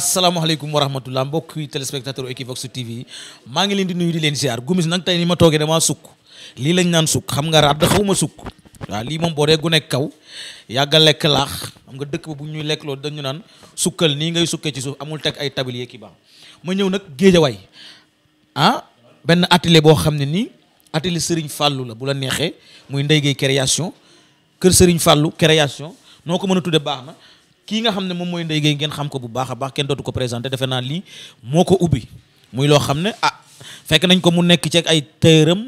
asalaamaaleykum wa rahmatulah mbokk yi téléspectateur Equivox TV maa ngi leen di nuyu di leen ziar gumis nag tey ni ma toogee damaa sukk lii lañ naan sukk xam nga raad xaw ma sukk waaw lii moom boo dee gu nekk kaw yàgga lekk laax xam nga dëkk ba bu ñuy lekk loolu dañu naan sukkal nii ngay sukkee ci suuf amul teg ay tabil ki baax ma ñëw nag way ah benn atelier boo xam ne nii atelier Serigne fàllu la bu la neexee muy Ndeye Gueye création kër Serigne Fallou création noo ko mën a baax na kii nga xam ne moom mooy Ndeye Gueye ngeen xam ko bu baax a baax kenn dootu ko présenté defe naa lii moo ko ubbi muy loo xam ne ah fekk nañ ko mu nekk ci ay tëyëram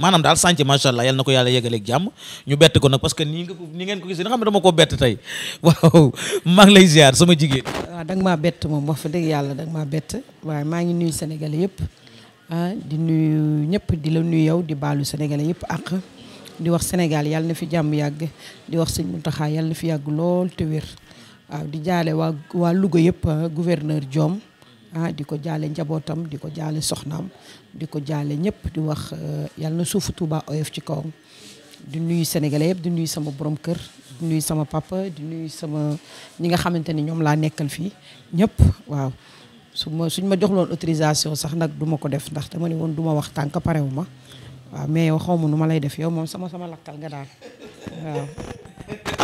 maanaam daal sànc macha allah yal na ko yàlla yegaleeg jàmm ñu bett ko nag que nii nga ko ngeen ko gisee nga xam ne dama koo bett tey waaw maa lay ziar sama jigéen. waaw ah, maa bett moom wax fa dëgg yàlla da maa bett waaye maa ngi nuyu sénégalais yëpp ah di nuyu ñëpp di la nuyu yow di baalu sénégalais yëpp àq di wax Sénégal yàlla na fi jàmm yàgg di wax sëñ Mountakha yàlla na fi yàgg lool te wér. waaw di jaale waa waa Louga yëpp ah, gouverneur Diome ah di ko jaale njabootam di ko jaale soxnaam di ko jaale ñëpp di wax eh, yàlla na suufu Touba oyof ci kawam di nuyu sénégalais yëpp di nuyu sama borom kër di nuyu sama papa di nuyu sama ñi nga xamante ni ñoom laa nekkal fii ñëpp waaw su ma suñ ma jox loon autorisation sax nag duma ko def ndax ma ne woon du ma wax tànk parewu ma waaw mais yow xaw ma nu ma lay def yow moom sama sama lakkal nga daal waaw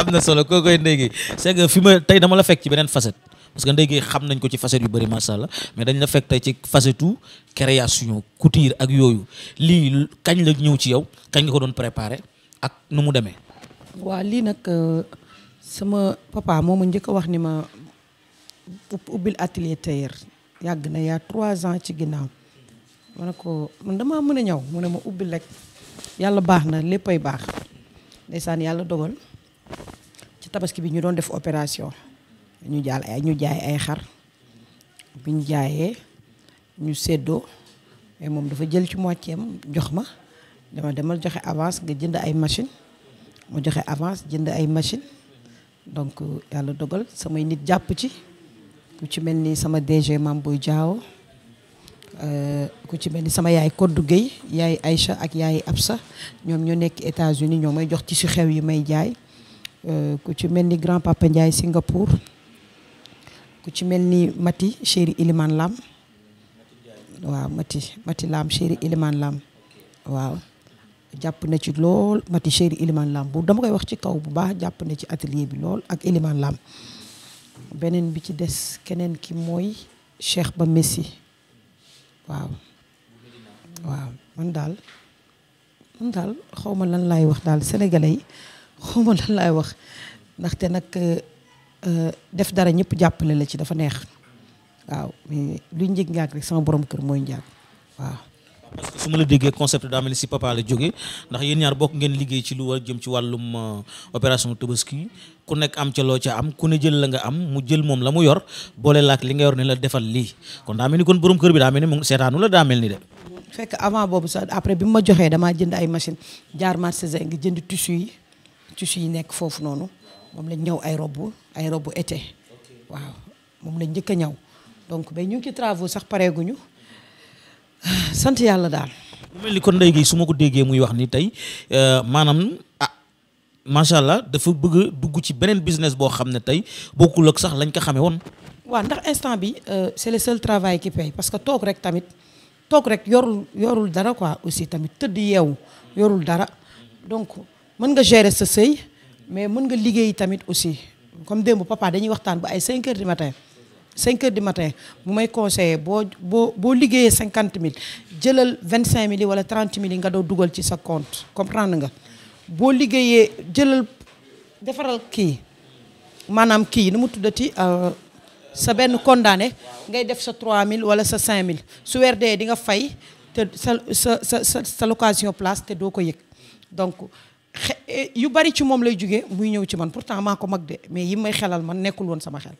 am na solo kookoy Ndeye Gueye c'est que fi ma tey dama la fekk ci beneen facette parce que Ndeye Gueye xam nañ ko ci facette yu bëri macha allah mais dañ la fekk tey ci facette u création couture ak yooyu lii kañ la ñëw ci yow kañ nga ko doon préparé ak nu mu demee. waaw lii nag euh, sama papa moom ma njëkk a wax ni ma ubbil atelier tailleur yàgg na yaa trois ans ci ginnaaw ma ko man damaa mën a ñëw mu ne ma ubbil rek yàlla baax na léppay baax ndeysaan yàlla dogal. ci tabaski bi ñu doon def opération ñu jaal ay ñu jaay ay xar bi jaayee ñu seddoo mais moom dafa jël ci moitié am jox ma dama demal joxe avance nga jënd ay machine mu joxe avance jënd ay machine donc euh, yàlla dogal samay nit jàpp ci ku ci mel ni sama DG Mame Boy Diao euh, ku ci mel ni sama yaay Koddu Gueye yaay Aïcha ak yaay Absa ñoom ñoo nekk États-Unis ñoo may jox ci si xew yi may jaay Euh, ku ci mel ni grand papa Ndiaye Singapour ku ci mel ni Mati chéri Iliman Lam waaw Mati Mati Lam chéri Iliman Lam na ci lool Mati chéri Iliman bu dama koy wax ci kaw bu baax jàpp na ci atelier bi lool ak Iliman Lam beneen bi ci des keneen ki mooy Cheikh Ba Messi waaw waaw man daal man daal xaw ma lan lay wax daal sénégalais yi xawma la laay wax ndaxte nag euh, euh, def dara ñëpp jàppale la ci dafa neex waaw mais luy njëg njaag rek sama borom kër mooy njaag waaw. parce su ma la déggee concept daa mel ni si papa la jóge ndax yéen ñaar bokk ngeen liggéey ci lu war jëm ci wàllum euh, opération tabaski ku nekk am ca loo ca am ku ne jël la nga am mu jël moom la mu yor boole laak li nga yor ne la defal lii kon daa mel ni kon borom kër bi daa mel ni moom seetaanu la daa mel ni de. fekk avant boobu sax après bi ma joxee damaa jënd ay machine jaar marché nga jënd tissu yi. tissu yi nekk foofu noonu moom lañ ñëw ay robu ay robu été waaw moom lañ njëkk a ñëw donc bay ñu ngi ci travaux sax pareeguñu sant yàlla daal. mu mel ni kon ndey su ma ko déggee muy wax ni tey euh, maanaam ah macha allah dafa bëgg dugg ci beneen business boo xam ne tey bokkul ak sax lañ ko xamee woon. waaw ndax instant bi euh, c'est le seul travail qui paye parce que toog rek tamit toog rek yorul yorul dara quoi aussi tamit tëdd yeewu yorul dara donc. mën nga gérer sa sëy mais mën nga liggéey tamit aussi comme démb papa dañuy waxtaan ba ay 5 heures du matin 5 heures matin bu may conseillé boo boo boo liggéeyee cinquante mille jëlal cinq mille wala 30 mille nga doo dugal ci sa compte comprendre nga boo liggéeyee jëlal defaral kii maanaam kii nu mu tuddati euh, sa benn condaane ngay def sa 3000 wala sa cinq 5000 su weer dee di nga fay te sa sa sa sa location place te doo ko yëg E, yu bari ci moom lay jóge muy ñëw ci man pourtant maa ko mag de mais yi may xelal man nekkul woon sama xel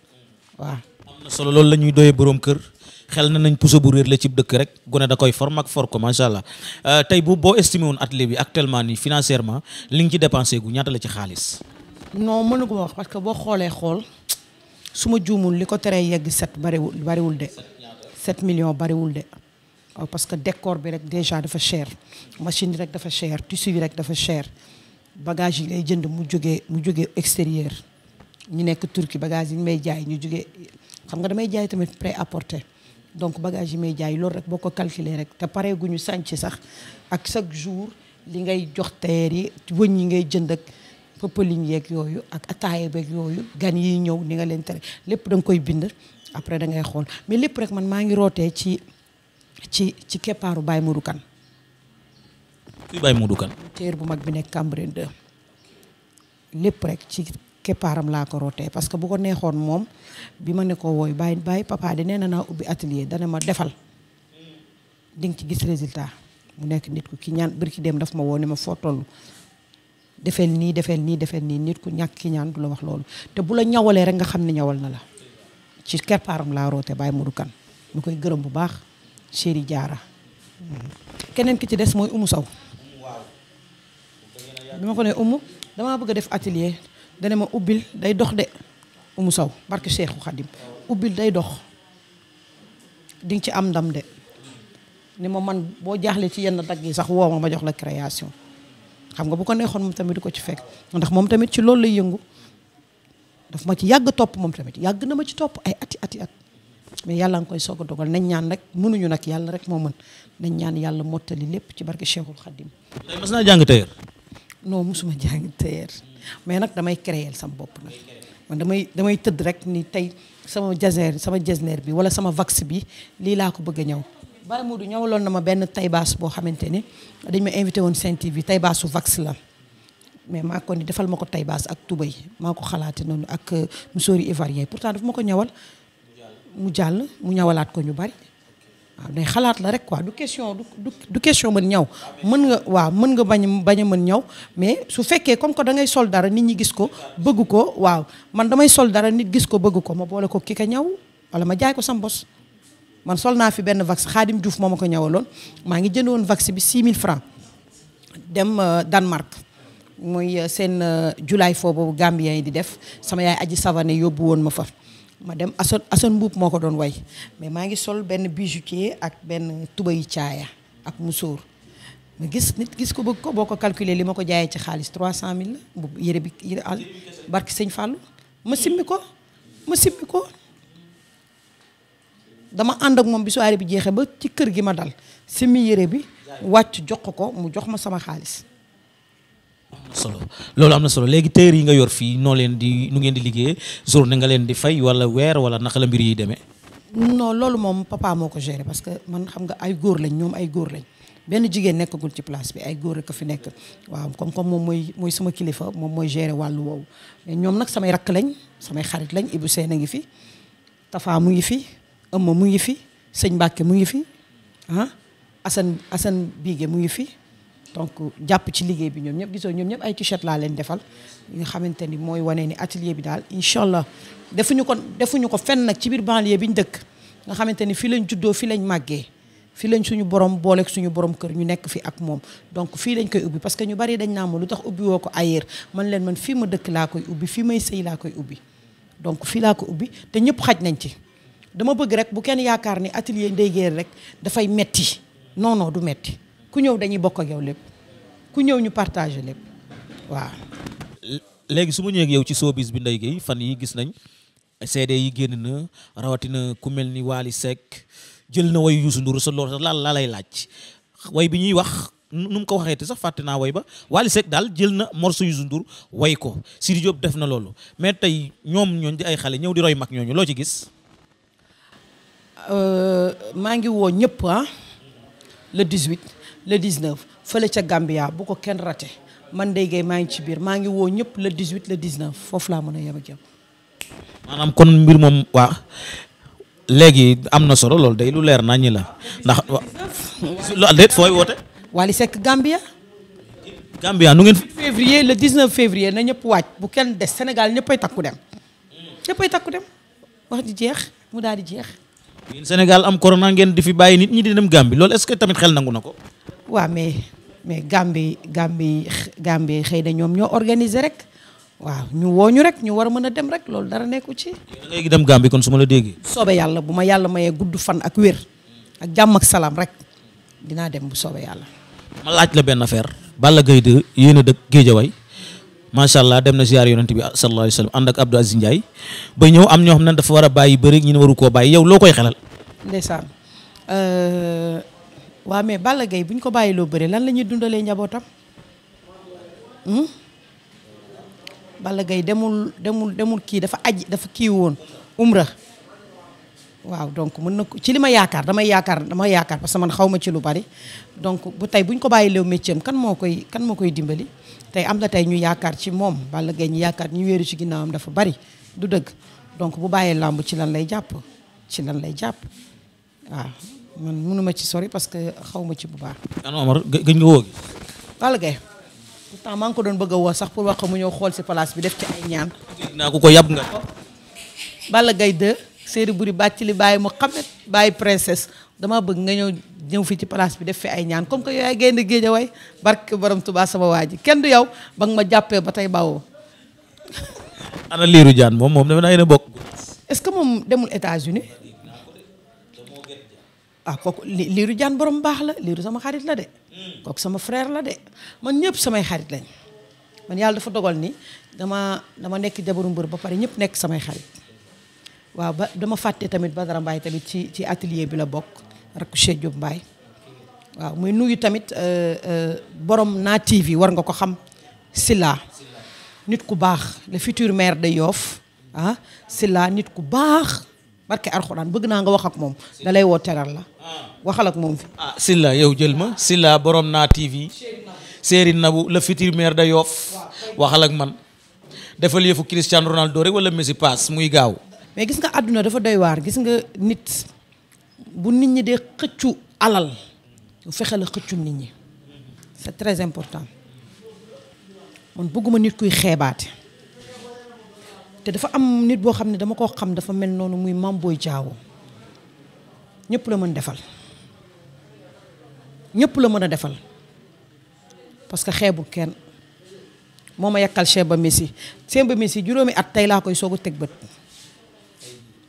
waa am solo loolu la ñuy doyee boroom kër xel na nañ puso bu réer la ci dëkk rek gone da koy form ak for ko macha euh, tey bu boo estimé woon atelier bi actuellement nii financièrement li nga ci dépensé gu ñaata la ci xaalis. noo non mënuguma wax parce que boo xoolee xool su ma juumul li ko teree yegg set bariwul bariwul de. set million bariwul de. parce que décor bi rek déjà dafa cher machine bi rek dafa cher tissu rek dafa cher. bagage yi ngay jënd mu jóge mu jóge extérieur ñu nekk Turquie bagage yi may jaay ñu jóge xam nga damay jaay tamit près à donc bagage yi may jaay loolu rek boo ko calculer rek te pare gu ñu sànc sax ak chaque jour li ngay jox tailleur yi wëñ yi ngay jënd ak pëpëliñ yeeg yooyu ak ataaya beeg yooyu gan yi ñëw ni nga leen tere lépp danga koy bind après dangay xool mais lépp rek man maa ngi rootee ci ci ci keppaaru Baye Modou kan kuy Baye Modou Kane. téer bu mag bi nekk Cambérène 2 lépp rek ci keppaaram laa ko rootee parce que bu ko neexoon moom bi ma ne ko wooy bàyyi bàyyi papa di nee na naa ubbi atelier dana ma defal di nga ci gis résultat mu nekk nit ku ki ñaan bërki dem daf ma woo ma foo toll defeel nii defeel nii defeel nii nit ku ñàkk ki ñaan du la wax loolu te bu la ñawalee rek nga xam ne ñawal na la ci keppaaram laa roote Baye Modou Kane ñu koy gërëm bu baax chéri jaara mm-hmm. keneen ki ci des mooy Oumou Sow bi ma ko ne umu damaa bëgg a def atelier dana ma ubbil day dox de umu saw barke Seexu Xadim ubbil day dox di nga ci am ndam de ni ma man boo jaaxlee ci yenn dagg yi sax woo ma ma jox la création xam nga bu ko neexoon moom tamit du ko ci fekk ndax moom tamit ci loolu lay yëngu daf ma ci yàgg topp moom tamit yàgg na ma ci topp ay ati ati at mais yàlla nga koy soog dogal nañ ñaan rek mënuñu nag yàlla rek moo mën nañ ñaan yàlla mottali lépp ci bark Cheikhul Khadim. tey non mosuma jàng tailleur mais nag damay créer sama bopp nag man damay tëdd rek ni tey sama jaser sama jasneer bi wala sama vax bi lii laa ko bëgg a ñëw Baye Modou ñëwaloon na ma benn taybaas boo xamante ni dañ ma invité woon Sen TV taybaasu vax la mais maa ko ni defal ma ko taybaas ak tubéy maa ko xalaate noonu ak euh, musóori ivoirien pourtant dafa ma ko ñawal mu jàll mu ñawalaat ko ñu bari waaw day xalaat la rek waa du question du du question mën ñaw mën nga waaw mën nga bañ bañ a mën ñaw mais su fekkee comme que da ngay sol dara nit ñi gis ko bëgg ko waaw man damay sol dara nit gis ko bëgg ko ma boole ko ki ko ñaw wala ma jaay ko sam bos man sol naa fi benn vax Xaadim Diouf moom ma ko ñawaloon maa ngi jënd woon vax bi 6000 francs dem euh, Danemark muy euh, seen euh, julaay foo boobu Gambien yi di def sama yaay aji savane yóbbu woon ma fa ma dem Assane Assane Mbuub moo ko doon way mais maa ngi sol benn bijoutier ak benn tubayu caaya ak musóor ma gis nit gis ko bëgg ko boo ko calculer li ma ko jaayee ci xaalis 300000 mille mbubb yére bi yére al barki sañ Fallou ma simmi ko ma simmi ko dama ànd ak moom bi soirée bi jeexee ba ci kër gi ma dal simmi yére bi wàcc jox ko ko mu jox ma sama xaalis solo loolu am na solo léegi téer yi nga yor fii noo leen di nu ngeen di liggéey journée nga leen di fay wala weer wala naka la mbir yi demee. non loolu moom papa moo ko géré parce que man xam nga ay góor lañ ñoom ay góor lañ benn jigéen nekkagul ci place bi ay góor rek a fi nekk waaw comme comme moom mooy mooy sama kilifa moom mooy géré wàllu woowu. ñoom nag samay rakk lañ samay xarit lañ Ibou Sène a ngi fi Tafa mu ngi fi Amma mu ngi fi sëñ Mbacke mu ngi fi ah Assane Assane Bigue mu ngi fi. donc jàpp ci liggéey bi ñoom ñëpp gisoo ñoom ñëpp ay t-shirt laa leen defal nga xamante ni mooy wane ni atelier bi daal incha allah defuñu ko defuñu ko fenn nag ci biir banlieue bi ñu dëkk nga xamante ni fii lañ juddoo fii lañ màggee fii lañ suñu borom booleeg suñu borom kër ñu nekk fi ak moom donc fii lañ koy ubbi parce que ñu bari dañ naa ma lu tax ubbi woo ko ailleurs man leen man fii ma dëkk laa koy ubbi fii may sëy laa koy ubbi donc fii laa ko ubbi te ñëpp xaj nañ ci dama bëgg rek bu kenn yaakaar ni atelier Ndeye Gueye rek dafay metti non du metti ku ñëw dañuy bokk ak lépp ku ñëw ñu partagé lépp waaw. léegi su ma ñëwee yow ci showbiz bi Ndeye Gueye fan yi gis nañ CD yi génn na rawatina ku mel ni Wally Seck jël na woy Youssou Ndour sa loolu la la laaj way bi ñuy wax. nu mu ko waxee te sax fàtte naa woy ba Wally Seck daal jël na morceau Youssou Ndour way ko Sidi Diop def na loolu mais tey ñoom ñooñ di ay xale ñëw di roy mag ñooñu loo ci gis. Euh, maa ngi woo ñëpp ah le 18. le 19 fële ca Gambia bu ko kenn rate man Ndeye Gueye maa ngi ci biir maa ngi woo ñëpp le 18 le 19 foofu laa mën a yem ak yow. maanaam kon mbir moom waa am na solo loolu day lu leer naa ñi la ndax. lu déet fooy woote. Wally Seck Gambia. ngeen. le 19 février na ñëpp waaj bu kenn des Sénégal ñëppay takku dem. ñëppay takku dem wax di jeex mu daal di jeex. yéen Sénégal am corona ngeen di fi bàyyi nit ñi di dem Gambie loolu est-ce que tamit xel nangu na ko. waa mais mais Gambie Gambie Gambie xëy na ñoom ñoo organiser rek waaw ñu wooñu rek ñu war a mën a dem rek loolu dara nekku ci. léegi dem Gambie kon su ma la déggee. soobee yàlla bu ma yàlla mayee gudd fan ak wér ak jàmm ak salaam rek dinaa dem bu soobee yàlla. ma laaj la benn affaire Balla Gaye 2 yéen a dëkk Géejawaay macha allah dem na ziar yonent bi sallallahu alayhi wa sallam ànd ak Abdou Aziz Ndiaye ba ñëw am ñoo xam ne dafa war a bàyyi bëri ñu ne waru koo bàyyi yow loo koy xelal. Euh, waa mais Balla Gaye bu ñu ko bàyyi loo bari lan la ñuy dundalee njabootam hmm? Balla Gaye demul demul demul kii dafa aj dafa kii woon umra waaw donc mën na ko ci li ma yaakaar damay yaakaar dama yaakaar parce que man xaw ma ci lu bari donc bu tey bu ñu ko bàyyiloo métier am kan moo koy kan moo koy dimbali tey am na tey ñu yaakaar ci moom Balla Gaye ñu yaakaar ñu wéeru ci ginnaawam dafa bari du dëgg donc bu bàyyee làmb ci lan lay jàpp ci lan lay jàpp waaw man mënuma ci sori parce que xaw ma ci bu baax. ana Omar gëj nga woo gi. Balla Gaye maa ngi ko doon bëgg a woo sax pour wax ko mu ñëw xool si place bi def ci ñaan. naa ko ko yab nga. Balla Gaye 2 séeri buri bàcc li bàyyi Mouhamed bàyyi princesse damaa bëgg nga ñëw ñëw fii ci place bi def fi ay ñaan comme que yow gaynde génn géej a way barke borom Tuubaa sama waa ji kenn du yow ba ma jàppee ba tey bawoo. ana liiru jaan moom moom defe naa yéen a bokk. est-ce que moom demul États-Unis ah kooku liiru jaan borom baax la liiru sama xarit la de mm. kooku sama frère la de man ñëpp samay xarit lañ man yàlla dafa dogal nii dama dama nekk jabaru mbër ba pare ñëpp nekk samay xarit waaw ba dama fàtte tamit Badara Mbaye tamit ci ci atelier bi la bokk rakku Cheikh Diop Mbaye waaw muy nuyu tamit euh, euh, borom naa TV war nga ko xam Silla nit ku baax le futur maire de yoof ah nit ku baax barke arxuraan bëgg naa nga wax ak moom da lay woo teral la waxal ak moom fi ah, Silla yow jël ma Silla borom naa TV séeri nabu le futur maire da Yoff waxal ak man defal yëfu Cristiano Ronaldo rek wala Messi pass muy gaaw mais gis nga àdduna dafa doy waar gis nga nit bu nit ñi de xëccu alal bu fexe la xëccu nit ñi c'est très important man bëgguma nit kuy xeebaate te dafa am nit boo xam ne dama koo xam dafa mel noonu muy Mame booy Diao ñëpp la mën defal ñëpp la mën a defal parce que xeebul kenn moo ma yàkkal Cheikh Ba Messi Cheikh Ba Messi juróomi at tey laa koy soog a teg bët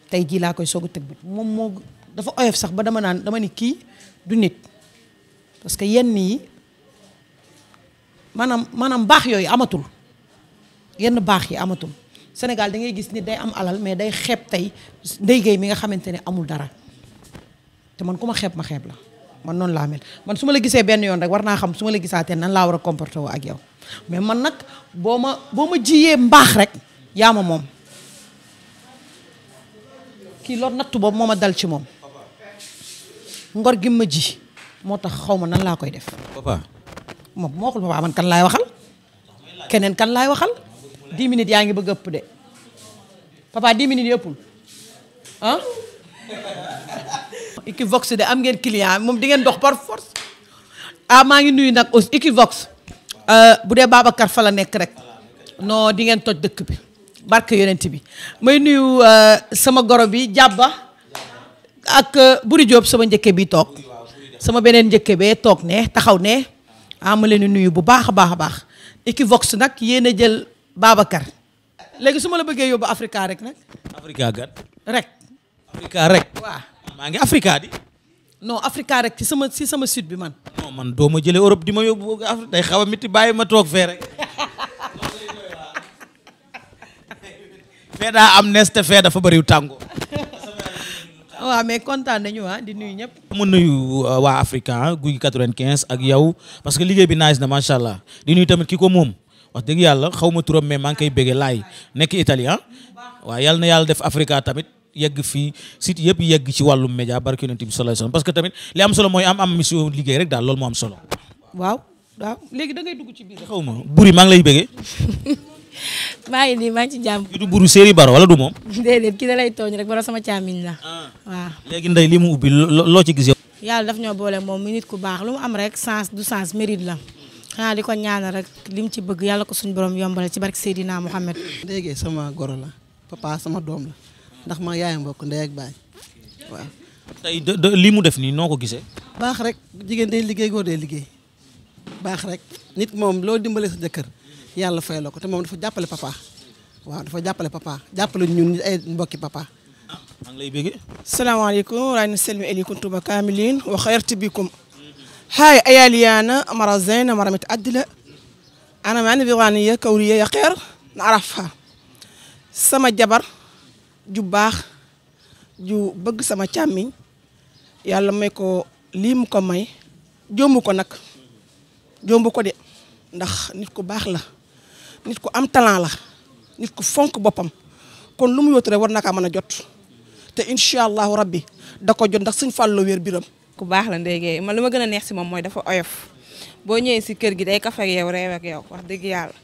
tey jii laa koy soog a teg bët moom moo dafa oyof sax ba dama naan dama ne kii du nit parce que yenn yi maanaam maanaam baax yooyu amatul yenn baax yi amatul senegal da ngay gis ni day am alal mais day xeeb tey ndeygéey mi nga xamante ne amul dara te man ku ma xeeb ma xeeb la man noonu laa mel man su ma la gisee benn yoon rek war naa xam su ma la gisaatee nan laa war a comporté woo ak yow mais man nag boo ma boo ma jiyee mbaax rek yaa ma moom kii loolu nattu boobu moo ma dal ci moom ngor gi ma ji moo tax xaw ma nan laa koy def. papa moom moo xul papa man kan laay waxal. keneen kan laay waxal 10 minutes yaa ngi bëgg ëpp de. papa 10 minutes yëppul ah. Equivox de am ngeen client moom di ngeen dox par force ah maa ngi nuyu nag aussi Equivox euh, bu dee Babacar fa la nekk rek non di ngeen toj dëkk bi barke yonent bi may nuyu euh, sama goro bi ba ak euh, Buri Diop sama njëkke bi toog sama beneen njëkke bee toog ne taxaw ne ah ma leen nuyu bu baax a baax a baax Equivox nag yéen a jël baabakar léegi su ma la bëggee yóbbu Africa rek nag. Africa rek. waa maa ngi Africa di. non Africa rek ci sama ci sama sud bi man. non man doo ma jëlee Europe di ma yóbbu Afrique day xaw a miti bàyyi ma toog fee rek. fee daa am neste fee dafa bëriw tàngo waaw mais kontaan nañu waa ah, di nuyu ñëpp. ma nuyu waa Africa ah, guy 95 ak yow parce que liggéey bi nice na macha allah di nuyu tamit ki ko moom. wax dëgg yàlla xaw ma turam mais maa ngi koy béggee laay nekk italien ah. waaw yàlla na yàlla def Africa tamit yegg fii site yëpp yegg ci wàllum média barki yonent bi sallallahu parce que tamit li am solo mooy am am mission liggéey rek daal loolu moo am solo. waaw waaw léegi da ngay ci biir xaw ma buri maa ngi lay bege maa ngi nii maa ngi ci jaam kii du buru séeri baro wala du moom. déedéet ki da lay tooñ rek bara sama càmmiñ la. Ah. waaw léegi ndey li mu ubbi loo ci gis yow. yàlla daf ñoo boole moom mi nit ku baax lu mu am rek sens du sens mérite la. xanaa di ko ñaanal rek lim ci bëgg yàlla ko suñu borom yombale ci barke Seydina Mohamed. ndéegee sama goro la papa sama doom la ndax ma yaayam bokk ndey ak baay waaw. tey li mu def nii noo ko gisee. baax rek jigéen day liggéey góor day liggéey baax rek nit moom loo dimbalee sa jëkkër yàlla fay la ko te moom dafa jàppale papa waaw dafa jàppale papa jàppale ñun ay mbokki papa. Ah, maa ngi lay bëggee. salaamaaleykum. wa rahmatulah. هاي أياليانا مرة زينة مرة متعدلة أنا معني فيغانية كورية خير نعرفها سما جبر ju baax ju bëgg sama càmmiñ yàlla may ko lii ko may jombu ko nag jombu ko de ndax nit ku baax la nit ku am talent la nit ku fonk boppam kon lu mu yóotu rek war na kaa mën a jot te incha allahu rabbi da ko jot ndax suñ fàlloo wér biram ku baax la ndéygee man li ma gën a neex si moom mooy dafa oyof boo ñëwee si kër gi day kaf ak yow reew ak yow wax dëgg yàlla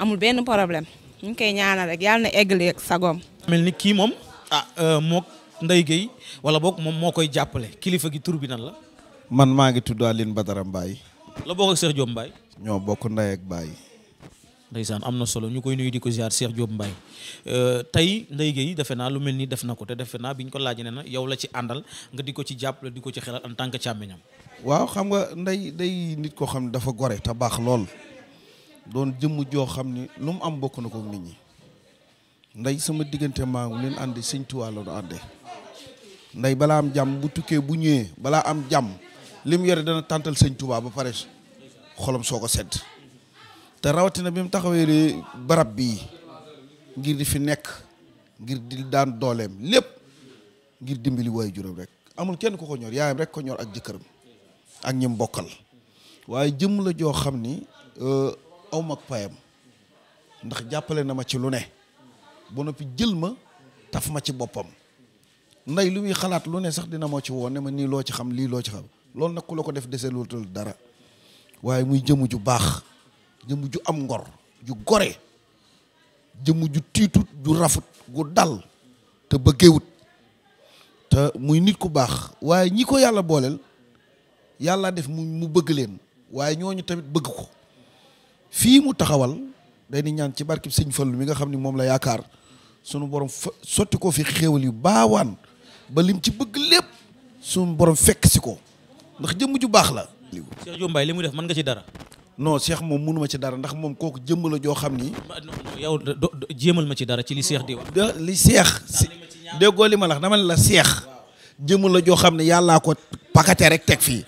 amul benn problème ñu ngi koy ñaanal rek yàlla na eggali sagoom. mel ni kii moom ah euh, mook Ndeye Gueye wala boog moom moo koy jàppale kilifa gi tur bi la. man maa ngi tudd Aline Badara Mbaye. la bokk ak Cheikh Diop Mbaye. ñoo bokk ndey ak Baye. ndeysaan am na solo ñu koy nuyu di ko ziar Cheikh Diop Mbaye euh, tey Ndeye yi defe naa lu mel ni def na ko te defe naa bi ñu ko laaj ne na yow la ci àndal nga di ko ci jàppale di ko ci xelal en tant que càmmiñam waaw xam nga nday day nit koo xam ne dafa gore te baax lool doon jëmm joo xam ne lu mu am bokk na ko nit ñi ndey sama diggante maa ngi leen àndi sëñ Tuubaa la ñu àndee nday balaa am jàmm bu tukkee bu ñëwee balaa am jàmm li mu yore dana tàntal sëñ Tuubaa ba pare xolam soo sedd te rawatina bi mu taxawee barab bii ngir di fi nekk ngir di daan dooleem lépp ngir dimbali waayu juróom rek amul kenn ku ko ñor yaayam rek ko ñor ak jëkkëram ak ñim bokkal waaye jëmm la joo xam ni euh, aw mag payam ndax jàppale na ma ci lu ne ba noppi jël ma taf ma ci boppam nday lu muy xalaat lu ne sax dina moo ci woon ne ma nii loo ci xam lii loo ci xam loolu nag ku la ko def deseelul dara waaye muy jëmm ju baax jëmm ju am ngor ju gore jëmm ju tiitut ju rafut gu dal te bëggewut te muy nit ku baax waaye ñi ko yàlla booleel yàllaa def mu mu bëgg leen waaye ñooñu tamit bëgg ko fii mu taxawal day ni ñaan ci barkib sëñ Fallu mi nga xam ni moom la yaakaar sunu borom sotti ko fi xéewal yu baawaan ba lim ci bëgg lépp sunu borom fekk si ko ndax jëmm ju baax la. Cheikh Diop Mbaye li mu def mën nga ci dara. no seex moom mënu ma ci dara ndax moom kooku jëmm la joo xam ni. yow jéemal ma ci dara ci li Cheikh di wax. li Cheikh si déggoo li la seex ne la joo xam ne yàllaa ko pakate rek teg fii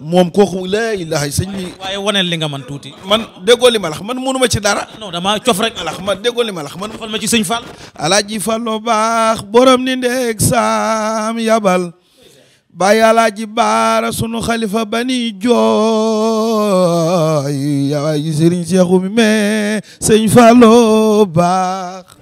moom kooku laa ilaaha sëñ bi. waaye man tuuti. man déggoo li ma la man mënu ci dara. non damaa cof rek. alax man déggoo li ma la man. xool ci sëñ Fall. alaaji Fallu baax borom ni ndeeg saam yabal. bàyyi alaaji baara sunu xalifa bani joo. waay yawaay sëriñ Seexu mi mais sëñ Fallou baax